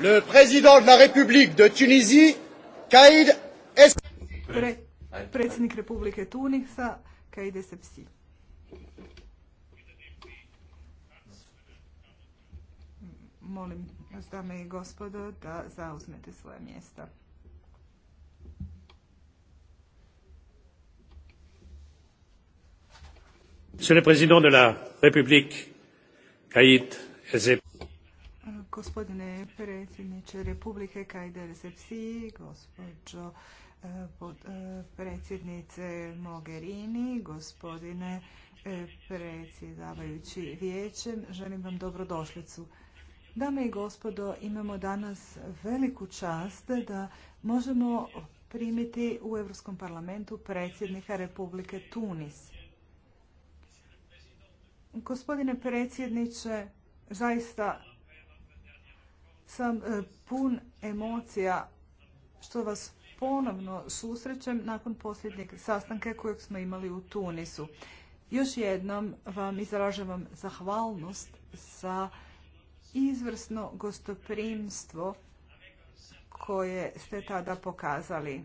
le président de la République de Tunisie, Kaïd Es... predsjednik Republike Tunisa, Kaïd Essebsi. Molim vas, dame i gospodo, da zauzmete svoje mjesta. Monsieur le Président de la République, Kaïd Ezeb. Gospodine predsjedniče Republike Kajder Sepsi, gospođo eh, eh, predsjednice Mogherini, gospodine eh, predsjedavajući vijećem, želim vam dobrodošlicu. Dame i gospodo, imamo danas veliku čast da možemo primiti u Europskom parlamentu predsjednika Republike Tunis. Gospodine predsjedniče, zaista sam e, pun emocija što vas ponovno susrećem nakon posljednjeg sastanka kojeg smo imali u Tunisu. Još jednom vam izražavam zahvalnost za izvrsno gostoprimstvo koje ste tada pokazali.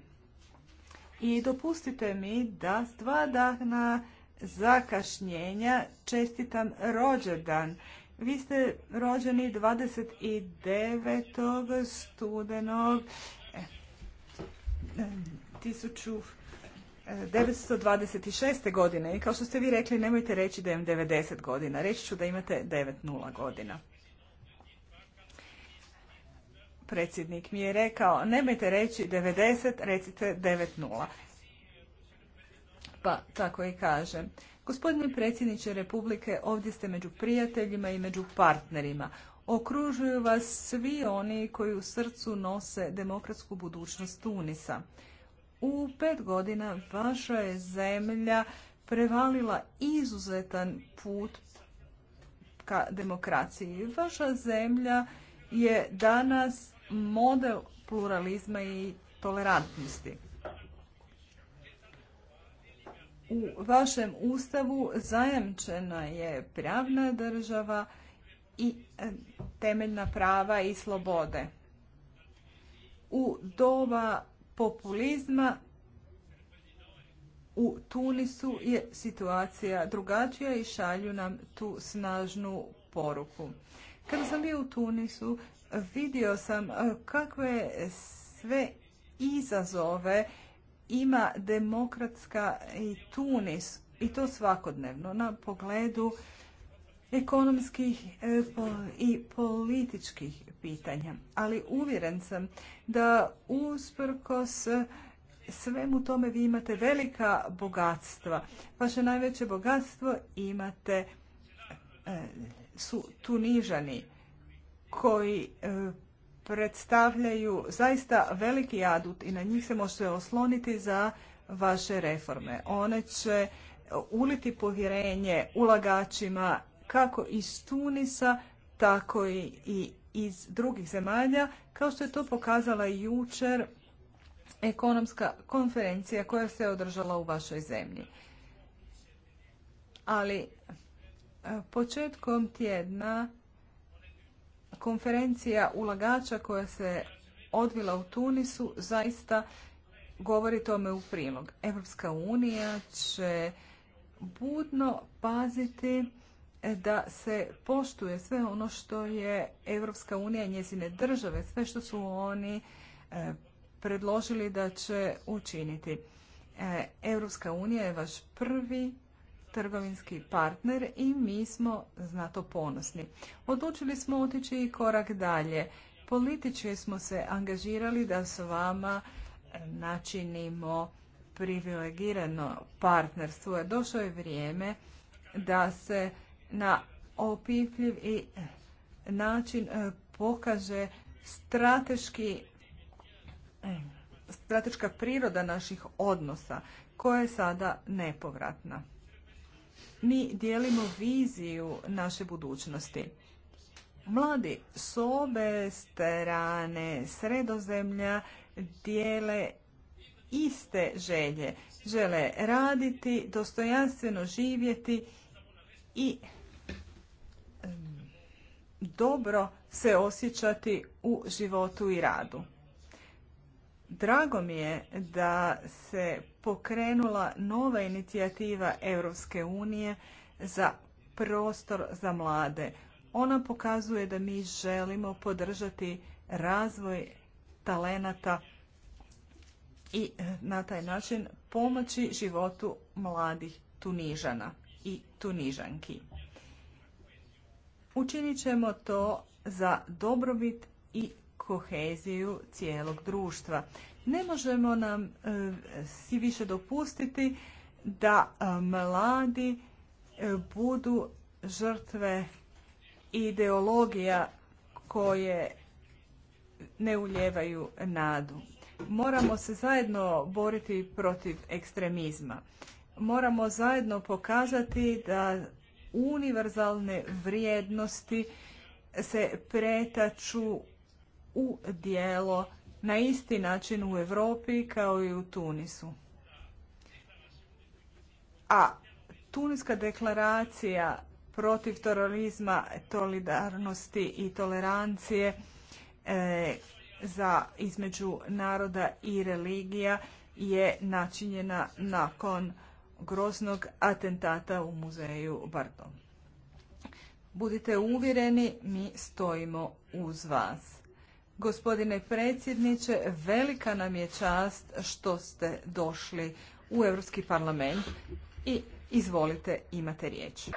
I dopustite mi da s dva dana zakašnjenja čestitam rođendan vi ste rođeni 29. studenog 1926. Eh, eh, godine i kao što ste vi rekli nemojte reći da imam 90 godina, reći ću da imate 9.0 godina. Predsjednik mi je rekao nemojte reći 90, recite 9.0 pa tako i kaže. Gospodine predsjedniče Republike, ovdje ste među prijateljima i među partnerima. Okružuju vas svi oni koji u srcu nose demokratsku budućnost Tunisa. U pet godina vaša je zemlja prevalila izuzetan put ka demokraciji. Vaša zemlja je danas model pluralizma i tolerantnosti u vašem ustavu zajamčena je pravna država i e, temeljna prava i slobode. U doba populizma u Tunisu je situacija drugačija i šalju nam tu snažnu poruku. Kada sam bio u Tunisu, vidio sam e, kakve sve izazove ima demokratska i Tunis i to svakodnevno na pogledu ekonomskih e, i političkih pitanja. Ali uvjeren sam da usprkos svemu tome vi imate velika bogatstva. Vaše najveće bogatstvo imate e, su Tunižani koji e, predstavljaju zaista veliki adut i na njih se može osloniti za vaše reforme. One će uliti povjerenje ulagačima kako iz Tunisa, tako i iz drugih zemalja, kao što je to pokazala jučer ekonomska konferencija koja se održala u vašoj zemlji. Ali e, početkom tjedna Konferencija ulagača koja se odvila u Tunisu zaista govori tome u prilog. Evropska unija će budno paziti e, da se poštuje sve ono što je Evropska unija i njezine države, sve što su oni e, predložili da će učiniti. Europska unija je vaš prvi trgovinski partner i mi smo na to ponosni. Odlučili smo otići i korak dalje. Politički smo se angažirali da s vama e, načinimo privilegirano partnerstvo. Došlo je vrijeme da se na opipljiv i e, način e, pokaže strateški strateška priroda naših odnosa koja je sada nepovratna mi dijelimo viziju naše budućnosti. Mladi s obe strane sredozemlja dijele iste želje. Žele raditi, dostojanstveno živjeti i dobro se osjećati u životu i radu. Drago mi je da se pokrenula nova inicijativa Europske unije za prostor za mlade. Ona pokazuje da mi želimo podržati razvoj talenata i e, na taj način pomoći životu mladih Tunižana i Tunižanki. Učinit ćemo to za dobrobit i koheziju cijelog društva. Ne možemo nam e, si više dopustiti da e, mladi e, budu žrtve ideologija koje ne uljevaju nadu. Moramo se zajedno boriti protiv ekstremizma. Moramo zajedno pokazati da univerzalne vrijednosti se pretaču u dijelo na isti način u Europi kao i u Tunisu. A Tuniska deklaracija protiv terorizma, solidarnosti i tolerancije e, za između naroda i religija je načinjena nakon groznog atentata u muzeju Bardo. Budite uvjereni, mi stojimo uz vas. Gospodine predsjedniče, velika nam je čast što ste došli u Europski parlament i izvolite, imate riječ.